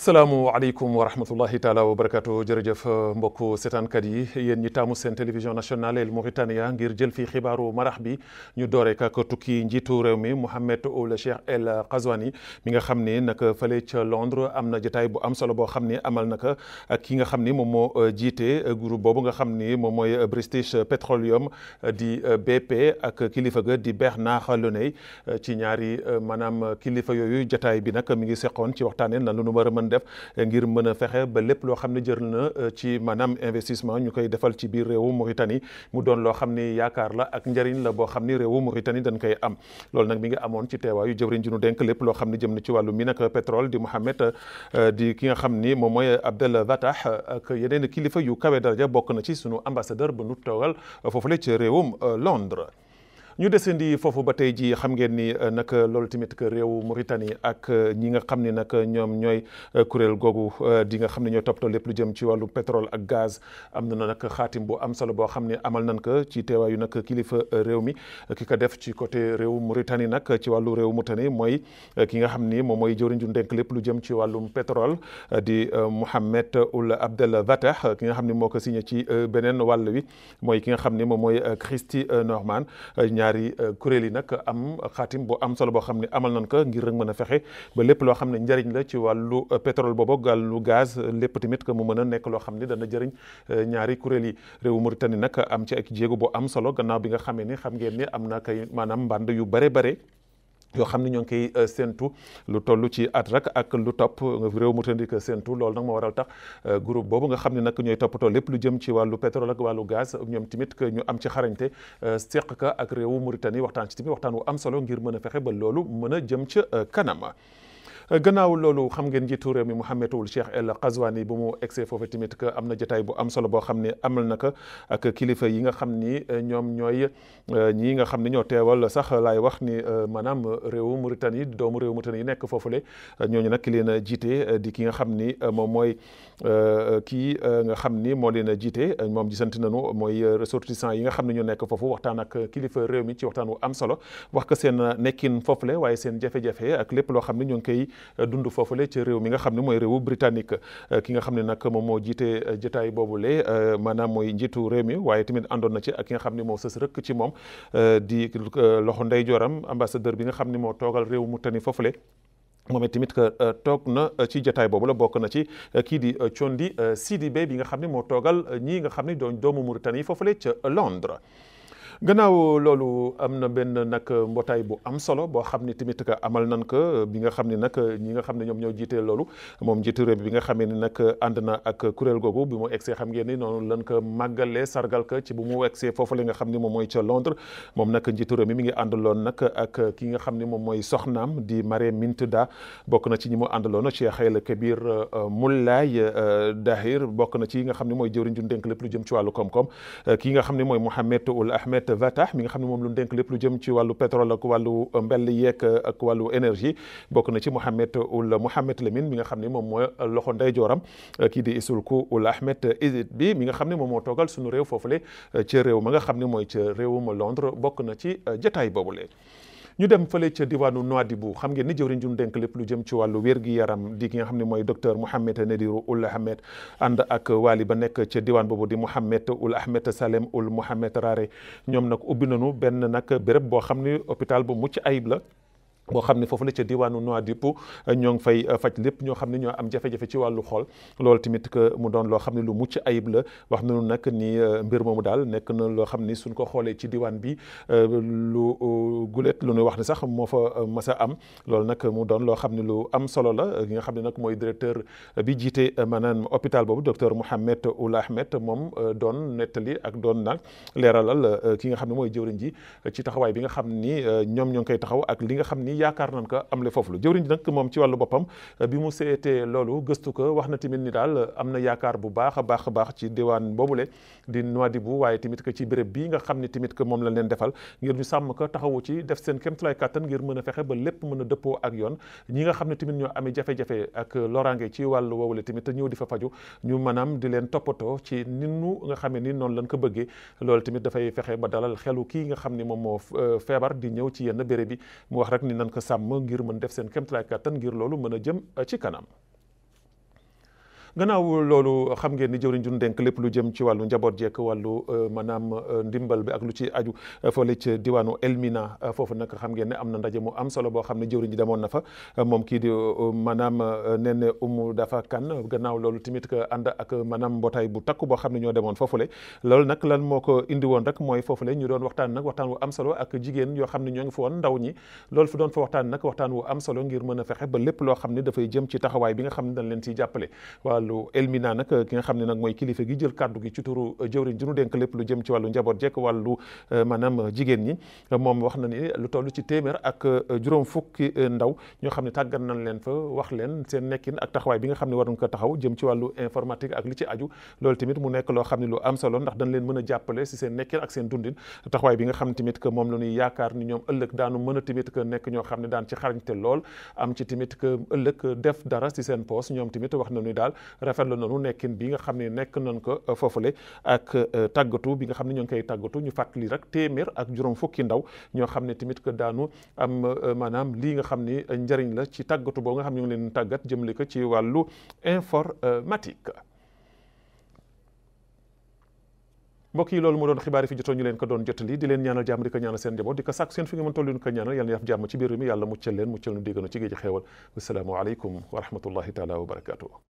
salaamualeykum wa rahmatullahi taala wa barakatu jërëjëf mbokku seetaankat yi yéen ñi taamu seen télévision nationale El Mauritania ngir jël fi xibaaru marax bi ñu doore ak tukki njiitu réew mi Mohammed Ould Cheikh El Ghazouani mi nga xam ni nag fële ca Londres am na jataay bu am solo boo xam ne amal naka ak ki nga xam ni moom moo jiite group boobu nga xam ni moom mooy British Petroleum di BP ak kilifa ga di Bernard Looney ci ñaari maanaam kilifa yooyu jotaay bi nag mi ngi seqoon ci waxtaanee nan la a mën def ngir mën a fexe ba lépp loo xam ne jël na euh, ci maanaam investissement ñu koy defal ci biir réewu Mauritanie mu doon loo xam ni yaakaar la ak njëriñ la boo xam ni réewu Mauritanie dañ koy am loolu nag mi ngi amoon ci teewaayu jëwriñ ji nu dénk lépp loo xam ne jëm na ci wàllu mine ak pétrole di Mohamed euh, di ki nga xam ni moom mooy Abdel Fattah ak yeneen kilifa yu kawe daraja bokk na ci sunu ambassadeur bu nu foofu foofule ci réewum euh, Londres ñu desandi foofu ba tey ji xam ngeen ni euh, nag loolu tamit que réew Mauritanie ak euh, ñi nga xam ni nag ñoom ñooy euh, kuréel googu di nga xam ne ñoo toppatoo lépp lu jëm ci wàllu pétrole ak gaz am na nag xaatim bu am solo boo xam ne amal nañ ko ci teewaayu nag kilifa réew mi ki ko def ci côté réew Mauritanie nag ci wàllu réew Mauritanie mooy ki nga xam ni moom mooy jëwriñ ju ndenk lépp lu jëm ci wàllum pétrole di Mohamed Ould Abdel Fattah ki nga xam ne moo ko signé ci beneen wàll wi mooy ki nga xam ni moom mooy Christy Norman ñaar ñaari euh, kuréel yi nag am xaatim boo am solo boo xam ne amal nañ ko ngir rek mën a fexe ba lépp loo xam ne njariñ la ci wàllu euh, pétrole boobu gàllu gas lépp tamit que mu mën a nekk loo xam ne dana jëriñ euh, ñaari kuréel yi réewu Mauritanie nag am ci ak jéego boo am solo gannaaw bi nga xamee ni xam ngeen ni am na kay maanaam mbànd yu bare bare yoo xam ne ñoo ngi koy euh, séntu lu toll ci at rek ak lu topp euh, réew mu tëndik séntu loolu nag moo waral tax euh, groupe boobu nga xam ne nag ñooy toppatoo lépp lu jëm ci wàllu pétrole ak wàllu gaz ñoom tamit que ñu am ci xarañte seq ka ak réewu Mauritanie waxtaan ci tamit waxtaan wu am solo ngir mën a fexe ba loolu mën a jëm ca kanam gannaaw loolu xam ngeen njiitu réew mi Mouhamadul Cheikh El Qazwani bu mu egsee foofu tamit que am na jotaay bu am solo boo xam ne amal na ko ak kilifa yi nga xam ni euh, ñoom ñooy euh, ñii nga xam ne ñoo teewal sax laay wax ni euh, maanaam réewu Mauritanie doomu réewu Mauritanie yi nekk foofule ñooñu nag leen a jiite di ki nga xam ni moom mooy kii nga xam ni moo leen a jiite moom gisante nañu mooy ressortissant yi nga xam ne ñu nekk foofu waxtaan ak kilifa réew mi ci waxtaan wu am solo wax ko seen nekkin foofule waaye seen jafe-jafe ak lépp loo xam ne ñu ngi koy dund foofule ci réew mi nga xam ne mooy réew britannique euh, ki nga xam ne nag moom moo jiite euh, jotaay boobule euh, maanaam mooy njiitu réew mi waaye tamit àndoon na ci ak ki nga xam ne moo sës rëkk ci moom di loxo ndeyjooram ambassadeur bi nga xam ne moo toogal réew mu tani foofule. moom tamit que toog na ci jataay boobu la bokk na ci kii di Thiondi Sidibé bi nga xam ne moo toogal ñii nga xam ne doomu Mauritanie foofule ca Londres. gannaaw loolu am na benn nag mbootaay bu am solo boo xam ne tamit que amal nan ko bi nga xam ni nag ñi nga xam ne ñoom ñoo jiitee loolu moom jiitu réew bi nga xamee ni nag ànd na ak kuréel googu bi mu egsee xam ngeen ni noonu lan ko màggalee sargal ko ci bu mu egsee foofu la nga xam ni moom mooy ca Londres moom nag njiitu réew mi mi ngi àndaloon nag ak ki nga xam ne moom mooy soxnaam di Marème Mint Da bokk na ci ñi mu àndaloon Cheikh El Kabir euh, Moulay euh, Dahir bokk na ci nga xam ne mooy jëwriñ ju dénk lépp lu jëm ci wàllu koom-koom euh, ki nga xam ne mooy Mouhamed Ould Ahmed Ahmed mi nga xam ne moom lu dénk lépp lu jëm ci wàllu pétrole ak wàllu mbell yeeg ak wàllu énergie bokk na ci Mohamed Ould Mohamed Lamine mi nga xam ni moom mooy loxo ndeyjooram kii di Issoulkou Ould Ahmed Izid bi mi nga xam ne moom moo toogal sunu réew foofule ci réew ma nga xam ne mooy ca réewum Londres bokk na ci jataay boobule ñu dem fële ca diwaanu Nouadhibou xam ngeen ni jëwriñ jum denk lépp lu jëm ci wàllu wér gi yaram di nga xam ne mooy docteur Mouhamed Nediru Ould Ahmed ànd ak waali ba nekk ca diwaan boobu di Mouhamed Ould Ahmed Salem Ould Mouhamed Rare ñoom nag ubbi nañu benn nag bërëb boo xam ne hôpital bu mucc ayib la boo xam ne foofu la ca diwaanu Nouadhibou euh, ñoo ngi fay euh, faj lépp ñoo xam ne ñoo am jafe-jafe ci wàllu xool loolu tamit que mu doon loo xam ne lu mucc ayib la wax nañu nag ni euh, mbir moomu daal nekk na loo xam ni suñ ko xoolee ci diwaan bi lu gulet lu ñuy wax ne sax moo fa mas a am loolu nag mu doon loo xam ne lu am solo la ki nga xam ne nag mooy directeur bi jiite maanaam hôpital boobu docteur Mouhamed Ould Ahmed moom doon nettali ak doon nag leeralal ki nga xam ne mooy jëwriñ ji ci taxawaay bi nga xam ni ñoom ñoo ngi koy taxaw ak li nga xam ni yaakaar nan ka am le foofu lu jëwriñ nag moom ci wàllu boppam euh, bi mu seetee loolu gëstu ko wax na tamit ni daal euh, am na yaakaar bu baax a baax a baax ci diwaan boobule di Nouadhibou waaye tamit que ci béréb bii nga xam ne tamit que moom lañ leen defal ngir ñu sàmm ko taxawu ci def seen kéemtulaay kàttan ngir mën a fexe ba lépp mën a dëppoo ak yoon ñi nga xam ne tamit ñoo amee jafe-jafe ak loraange ci wàllu woowule tamit te ñëw di fa faju ñu maanaam di leen toppatoo ci ninu nga xam ne ni noonu lañ ko bëggee loolu tamit dafay fexe ba dalal xelu kii nga xam ne moom moo euh, feebar di ñëw ci yenn béréb bi mën ko sàmm ngir mën def seen kéemtalaay kàttan ngir loolu mën a jëm ci kanam gannaaw loolu xam ngeen ni jëwriñ ju dénk lépp lu jëm ci wàllu njaboot jeek wàllu euh, maanaam euh, ndimbal bi ak lu ci aju euh, fële ci diwaanu Elmina foofu nag xam ngeen ne am na ndaje mu am solo boo xam ne jëwriñ ji demoon na fa moom kii di maanaam Néné Oumou kan Kane gannaaw loolu tamit que ànd ak maanaam mbootaay bu takku boo xam ne ñoo demoon foofu foofule loolu nag lan moo ko indi woon rek mooy foofule ñu doon waxtaan nag waxtaan wu am solo ak jigéen yoo xam ne ñoo ngi fa woon ndaw ñi loolu fu doon fa waxtaan nag waxtaan wu am solo ngir mën a fexe ba lépp loo xam ne dafay jëm ci bi nga xam ne dañ leen ciy jàppale lu elmina nag ki nga xam ne nag mooy kilifa gi jël kàddu gi ci turu uh, jëwriñ ji nu dénk lépp lu jëm ci wàllu njaboot jekk wàllu uh, maanaam uh, jigéen ñi moom wax na ni lu toll ci téeméer ak juróom fukki ndaw ñoo xam ne tàggat nañ leen fa wax leen seen nekkin ak taxawaay bi nga xam ne war nañ ko taxaw jëm ci wàllu informatique ak li ci aju loolu tamit mu nekk loo xam ne lu am solo ndax dañ leen mën a jàppale si seen nekkin ak seen dundin taxawaay bi nga xam tamit que moom la ñuy yaakaar ni ñoom ëllëg daanu mën a tamit que nekk ñoo xam ne daan ci xarañte lool am ci tamit que ëllëg def dara si seen poos ñoom tamit wax na nu daal rafetlu nañu nekkin bi nga xam ne nekk nañ ko foofu euh, foofule ak euh, tàggatu bi nga xam ne ñoo ngi koy tàggatu ñu fàttali rek téeméer ak juróom fukki ndaw ñoo xam ne tamit que daanu am euh, maanaam lii nga xam ni njëriñ la ci tàggatu boo nga xam ne ñu ngi leen tàggat jëmale ko ci wàllu informatique. mbokk yi loolu moo doon xibaar yi fi jotoon ñu leen ko doon jotali di leen ñaanal jàmm di ko ñaanal seen njaboot di ko sàkk seen fi nga mën tollu ko ñaanal yàlla na yàf jàmm